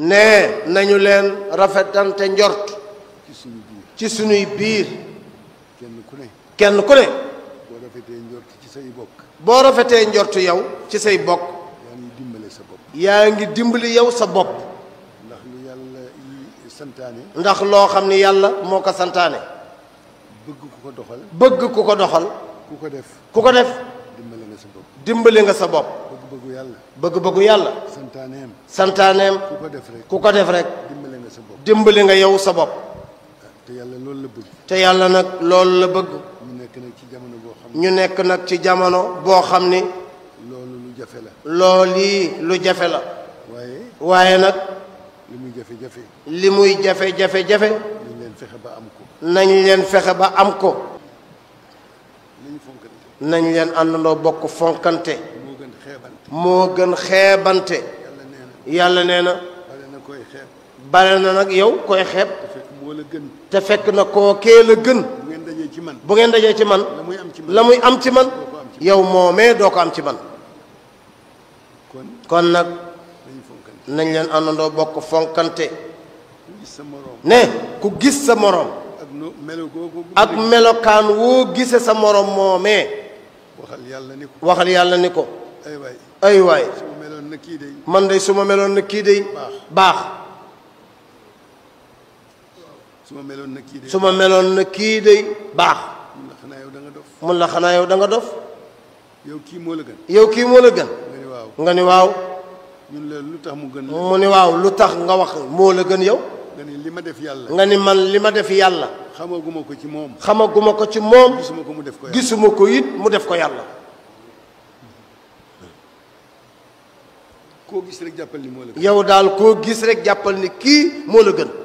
ne nañu leen rafetante njort ci suñuy biir ci suñuy biir kenn ku ne kenn ku ne boo rafetee njort ci say bokk boo rafetee njort yow ci say bokk yaa ngi dimbali sa bopp yaa ngi dimbali yow sa bopp ndax lu yàlla yi santaane ndax loo xam ne yàlla moo ko santaane bëgg ku ko doxal bëgg ku ko doxal ku ko def ku ko def dimbale nga sa bopp. dimbale nga sa bopp. bëgg-bëggu bëgg-bëggu yàlla. santaaneem. santaaneem. ku ko def rek ku ko def rek. dimbale nga sa bopp. dimbale nga yow sa bopp. te yàlla loolu la bëgg. te yàlla nag loolu la bëgg. ñu nekk nag ci jamono boo xam ñu nekk nag ci jamono boo xam ni. loolu lu jafe la. loolii lu jafe la. waaye. waaye nag. li muy jafe-jafe. li muy jafe-jafe jafe. nañ leen fexe ba am ko. nañ leen fexe ba am ko. nañ leen àndandoo bokk fonkante moo gën xeebante yàlla nee na bare na nag yow koy xeeb te fekk na koo kee la gën bu ngeen dajee ci man la muy am ci man yow moomee doo ko am ci man kon nag nañ leen àndandoo bokk fonkante ne ku gis sa moroom ak melokaan woo gise sa moroom moomee waxal yàlla ni ko waxal yàlla ni ko. ay waay waay. meloon na kii day. man de su ma meloon na kii day. baax su ma meloon na kii day. su ma meloon na kii day baax. mun la xanaa yow danga nga dof. mun la xanaa yow danga dof. yow kii moo la gën. yow kii moo la gën. nga ni waaw nga lu tax mu gën. mu ni waaw lu tax nga wax moo la gën yow. nga ni li ma def yàlla. nga ni man li ma def yàlla. xamaguma ko ci moom. xamaguma ko ci moom. gisuma ko mu def ko yàlla gisuma ko mu def ko yàlla. koo gis rek jàppal ni moo yow daal koo gis rek jàppal ni kii moo la gën.